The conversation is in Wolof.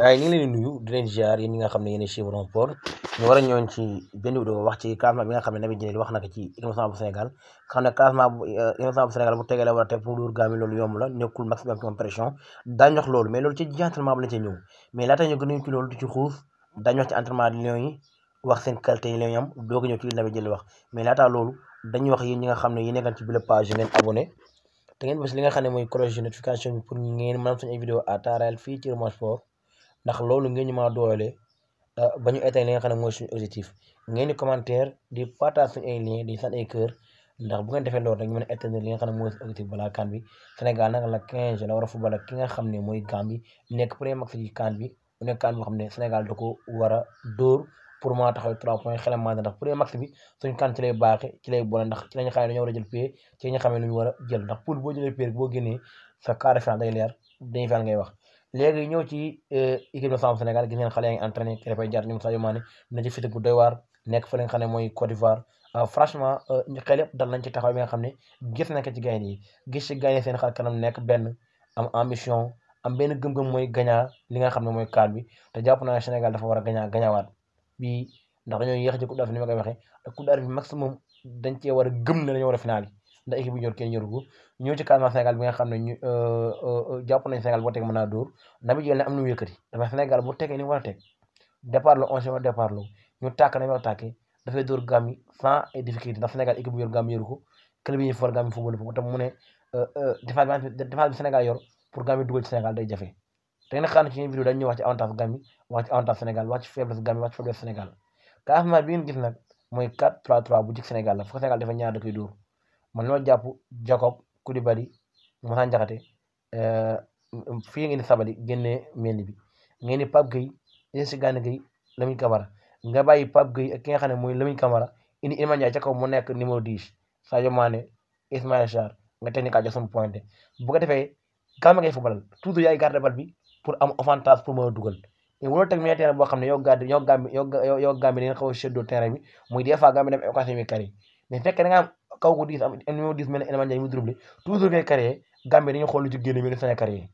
gaa yi ñu nuyu di leen ziar yéen nga xam ne yéen a suivre en sport ñu war a ñëwoon ci benn vidéo wax ci classement bi nga xam ne Naby Djelit wax na ci innocent bu Sénégal xam euh, a xam ne yéen ngeen abonné te li nga xam ne mooy cloche de pour ngeen mën am ay vidéo à temps réel fii ndax loolu ngeen ñu mën doole ah, ba ñu éteindre li nga xam ne mooy suñu objectif ngeen di commentaire di partage suñu ay liens di sant ay cœur ndax bu ngeen defee loolu rek ñu mën a éteindre li nga xam ne mooy suñu objectif balaa kan bi Sénégal nag la 15 la war a football ki nga xam ne mooy bi nekk premier match ci kan bi mu nekk kan boo xam ne Sénégal da ko war a dóor pour mën taxaw trois points xelam maa ndax premier match bi suñu kan ci lay baaxee ci lay boole ndax ci lañu xam ne dañoo war a jël pied ci lañu xam ne lu ñu war a jël ndax pour boo jëlee pied boo génnee sa quart de finale day leer dañuy final ngay wax léegi ñëw ci e, équipe nationale Sénégal gis ngeen xale yaa ngi entraîné ki dafay jaar ñoom Sadio Mané na ci fit gu doy waar nekk fa li ne mooy Côte d'Ivoire ah, franchement e, xel yëpp dal nañ ci taxaw bi nga xam ne gis nañ ko ci gaynde yi gis ci gaynde seen xar kanam nekk benn am ambition am benn gëm-gëm mooy gañaa li nga xam ne mooy CAN bi te jàpp naa Sénégal dafa war a gañaa gañaawaat bi ndax dañoo yéex ci coupe d'Afrique ni ma koy waxee coupe d'Afrique maximum dañ cee war a gëm ne dañoo war a finale yi da équipe bu ñor kenn ñor ko Sénégal bi nga xam ne ñu euh, euh, jàpp nañ Sénégal boo teg mën naa dóor damit yoon ne am na yëkkati dafa Sénégal bu tegee ni war a départ la onze départ la ñu tàkk nañ war a tàkkee dafay dóor Gambie sans ay difficulté ndax Sénégal équipe bu yor Gambie yoru ko club yi ñu for Gambie football ko tam mu euh, ne défense bi Sénégal yor pour Gambie dugal ci Sénégal day jafe te vidéo dañ ñu wax ci avantage Gambie wax ci avantage Sénégal wax ci faiblesse Gambie wax Sénégal gis nag mooy 4 3 bu jik Sénégal la fu Sénégal dafa ñaar da koy man loolu jàpp Jacob Coulibaly Moussa Ndiakhaté euh, fii ngeen di sabali génnee mel bi ngeen ni Pape Gueye Idrissa Gana Gueye Lamine Camara nga bàyyi Pape Gueye ak ki nga xam ne mooy Lamine Camara indi Iliman Ndiaye ca kaw mu nekk numéro 10 Sadio Mané Ismaïla Sarr nga technique à Jackson pointé bu ko defee gàmm ngay football toujours yaay garder bal bi pour am avantage pour mën a dugal wala teg milieu terrain boo xam ne yow gàdd yow gàmm yow a séddoo terrain bi muy des fois gàmm dem occasion yi kari mais fekk da kaw ko diis am numéro 10 mel ne Iliman Ndiaye mu dribblé toujours ngay créé Gambie dañuy xool lu ci génn mais du sañ a créé